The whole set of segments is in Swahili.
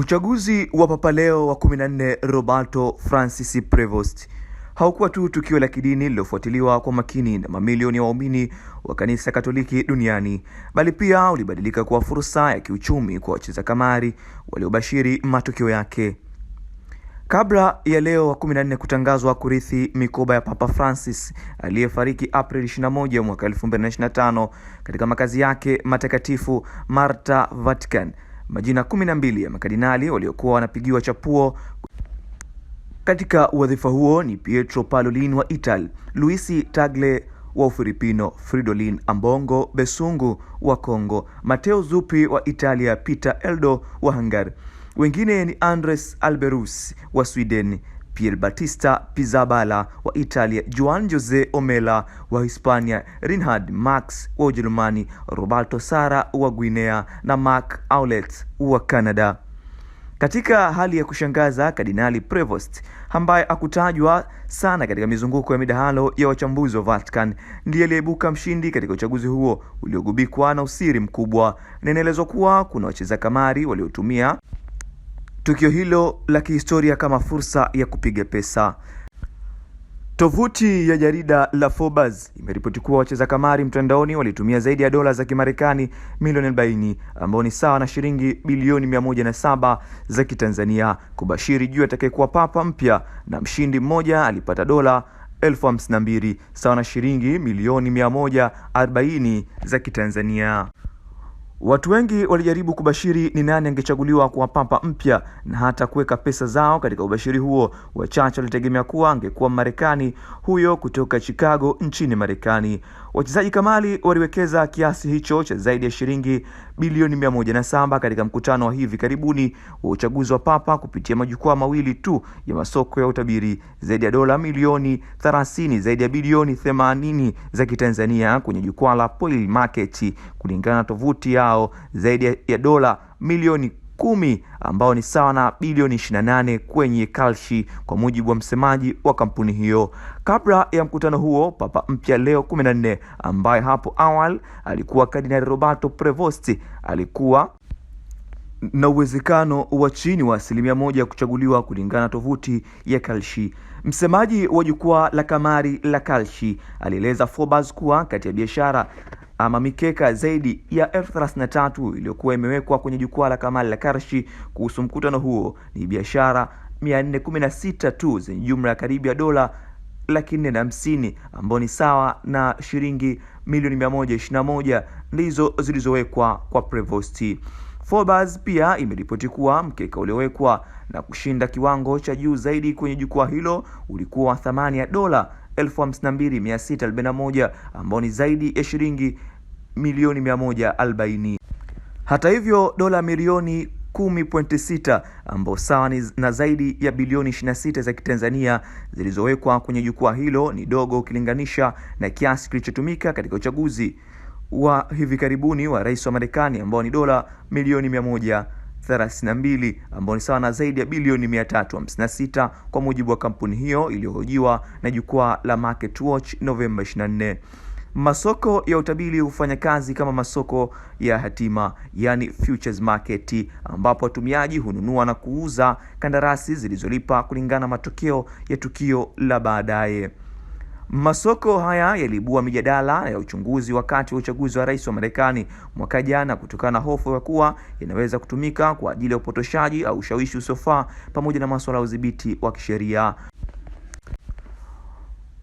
Uchaguzi wa Papa Leo wa 14 Roberto Francis Prevost haukuwa tu tukio la kidini lililofuatiliwa kwa makini na mamilioni ya waumini wa kanisa Katoliki duniani, bali pia ulibadilika kuwa fursa ya kiuchumi kwa wacheza kamari waliobashiri matokeo yake. Kabla ya Leo wa 14 kutangazwa kurithi mikoba ya Papa Francis aliyefariki Aprili 21 mwaka 2025 katika makazi yake matakatifu marta Vatican majina kumi na mbili ya makadinali waliokuwa wanapigiwa chapuo katika wadhifa huo ni Pietro palolin wa ital Luisi Tagle wa Ufilipino, Fridolin Ambongo Besungu wa Kongo, mateo zupi wa Italia, Peter Eldo wa Hungary. Wengine ni Andres Alberus wa Sweden, Pier Battista Pizzaballa wa Italia, Juan Jose Omela wa Hispania, Reinhard Marx wa Ujerumani, Roberto Sara wa Guinea na Marc aulet wa Canada. Katika hali ya kushangaza, Kardinali Prevost ambaye akutajwa sana katika mizunguko ya midahalo ya wachambuzi wa Vatican ndiye aliyeibuka mshindi katika uchaguzi huo uliogubikwa na usiri mkubwa. Na inaelezwa kuwa kuna wacheza kamari waliotumia tukio hilo la kihistoria kama fursa ya kupiga pesa. Tovuti ya jarida la Forbes imeripoti kuwa wacheza kamari mtandaoni walitumia zaidi ya dola za Kimarekani milioni 40 ambao ni sawa na shilingi bilioni 107 za Kitanzania kubashiri juu atakayekuwa papa mpya, na mshindi mmoja alipata dola elfu hamsini na mbili sawa na shilingi milioni 140 za Kitanzania. Watu wengi walijaribu kubashiri ni nani angechaguliwa kuwa papa mpya na hata kuweka pesa zao katika ubashiri huo. Wachache walitegemea kuwa angekuwa Marekani huyo kutoka Chicago nchini Marekani. Wachezaji kamali waliwekeza kiasi hicho cha zaidi ya shilingi bilioni 17 saba katika mkutano wa hivi karibuni wa uchaguzi wa Papa kupitia majukwaa mawili tu ya masoko ya utabiri, zaidi ya dola milioni 30, zaidi ya bilioni 80 za Kitanzania kwenye jukwaa la market kulingana na tovuti yao, zaidi ya dola milioni kumi ambao ni sawa na bilioni 28 kwenye Kalshi, kwa mujibu wa msemaji wa kampuni hiyo. Kabla ya mkutano huo, Papa mpya Leo 14 ambaye hapo awal alikuwa Kardinali Roberto Prevost alikuwa na uwezekano wa chini wa asilimia moja ya kuchaguliwa kulingana tovuti ya Kalshi. Msemaji wa jukwaa la kamari la Kalshi alieleza Forbes kuwa kati ya biashara ama mikeka zaidi ya elfu iliyokuwa imewekwa kwenye jukwaa la Kamal Karshi kuhusu mkutano huo. Ni biashara 416 tu zenye jumla ya karibu ya dola laki nne na hamsini ambao ni sawa na shilingi milioni 121 ndizo zilizowekwa kwa Prevost. Forbes pia imeripoti kuwa mkeka uliowekwa na kushinda kiwango cha juu zaidi kwenye jukwaa hilo ulikuwa wa thamani ya dola 1,641 ambao ni zaidi ya shilingi milioni 140. Hata hivyo dola milioni 10.6 ambao sawa na zaidi ya bilioni 26 za Kitanzania zilizowekwa kwenye jukwaa hilo ni dogo ukilinganisha na kiasi kilichotumika katika uchaguzi wa hivi karibuni wa rais wa Marekani ambao ni dola milioni 1 32 ambao ni sawa na zaidi ya bilioni 356 kwa mujibu wa kampuni hiyo iliyohojiwa na jukwaa la Market Watch Novemba 24. Masoko ya utabiri hufanya kazi kama masoko ya hatima, yani futures market, ambapo watumiaji hununua na kuuza kandarasi zilizolipa kulingana matokeo ya tukio la baadaye. Masoko haya yaliibua mijadala ya uchunguzi wakati wa uchaguzi wa rais wa Marekani mwaka jana, kutokana na hofu ya kuwa yanaweza kutumika kwa ajili ya upotoshaji au ushawishi usiofaa, pamoja na masuala ya udhibiti wa kisheria.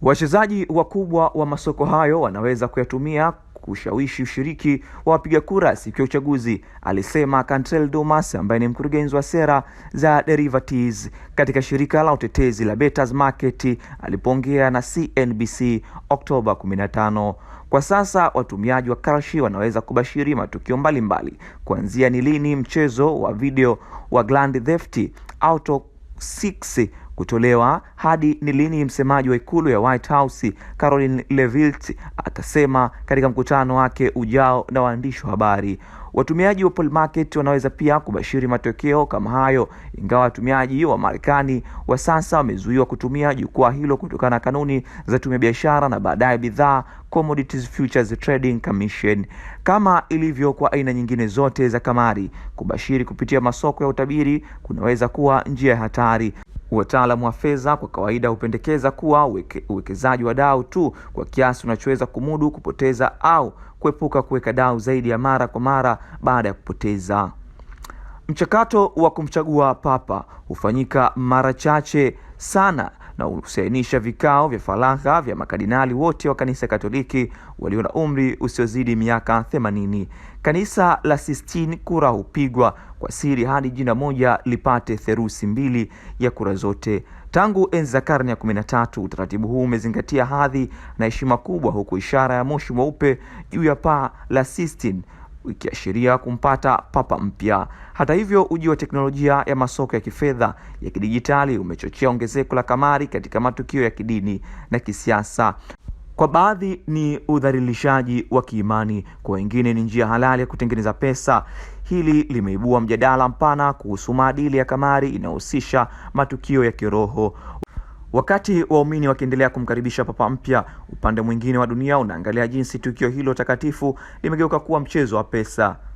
Wachezaji wakubwa wa masoko hayo wanaweza kuyatumia kushawishi ushiriki wa wapiga kura siku ya uchaguzi, alisema Cantrell Dumas ambaye ni mkurugenzi wa sera za derivatives katika shirika la utetezi la Bettors Market alipoongea na CNBC Oktoba 15. Kwa sasa watumiaji wa Kalshi wanaweza kubashiri matukio mbalimbali, kuanzia ni lini mchezo wa video wa Grand Theft Auto 6 kutolewa hadi ni lini msemaji wa ikulu ya White House Caroline Levitt atasema katika mkutano wake ujao na waandishi wa habari. Watumiaji wa Poll Market wanaweza pia kubashiri matokeo kama hayo, ingawa watumiaji wa Marekani wa sasa wamezuiwa kutumia jukwaa hilo kutokana na kanuni za tume biashara na baadaye bidhaa Commodities Futures Trading Commission. Kama ilivyo kwa aina nyingine zote za kamari, kubashiri kupitia masoko ya utabiri kunaweza kuwa njia ya hatari. Wataalamu wa fedha kwa kawaida hupendekeza kuwa uwekezaji wa dau tu kwa kiasi unachoweza kumudu kupoteza au kuepuka kuweka dau zaidi ya mara kwa mara baada ya kupoteza. Mchakato wa kumchagua papa hufanyika mara chache sana na husainisha vikao vya faragha vya makadinali wote wa kanisa Katoliki walio na umri usiozidi miaka 80. Kanisa la Sistine, kura hupigwa kwa siri hadi jina moja lipate therusi mbili ya kura zote. Tangu enzi za karne ya kumi na tatu, utaratibu huu umezingatia hadhi na heshima kubwa, huku ishara ya moshi mweupe juu ya paa la Sistine ikiashiria kumpata papa mpya. Hata hivyo, uji wa teknolojia ya masoko ya kifedha ya kidijitali umechochea ongezeko la kamari katika matukio ya kidini na kisiasa. Kwa baadhi ni udhalilishaji wa kiimani, kwa wengine ni njia halali ya kutengeneza pesa. Hili limeibua mjadala mpana kuhusu maadili ya kamari inayohusisha matukio ya kiroho. Wakati waumini wakiendelea kumkaribisha papa mpya, upande mwingine wa dunia unaangalia jinsi tukio hilo takatifu limegeuka kuwa mchezo wa pesa.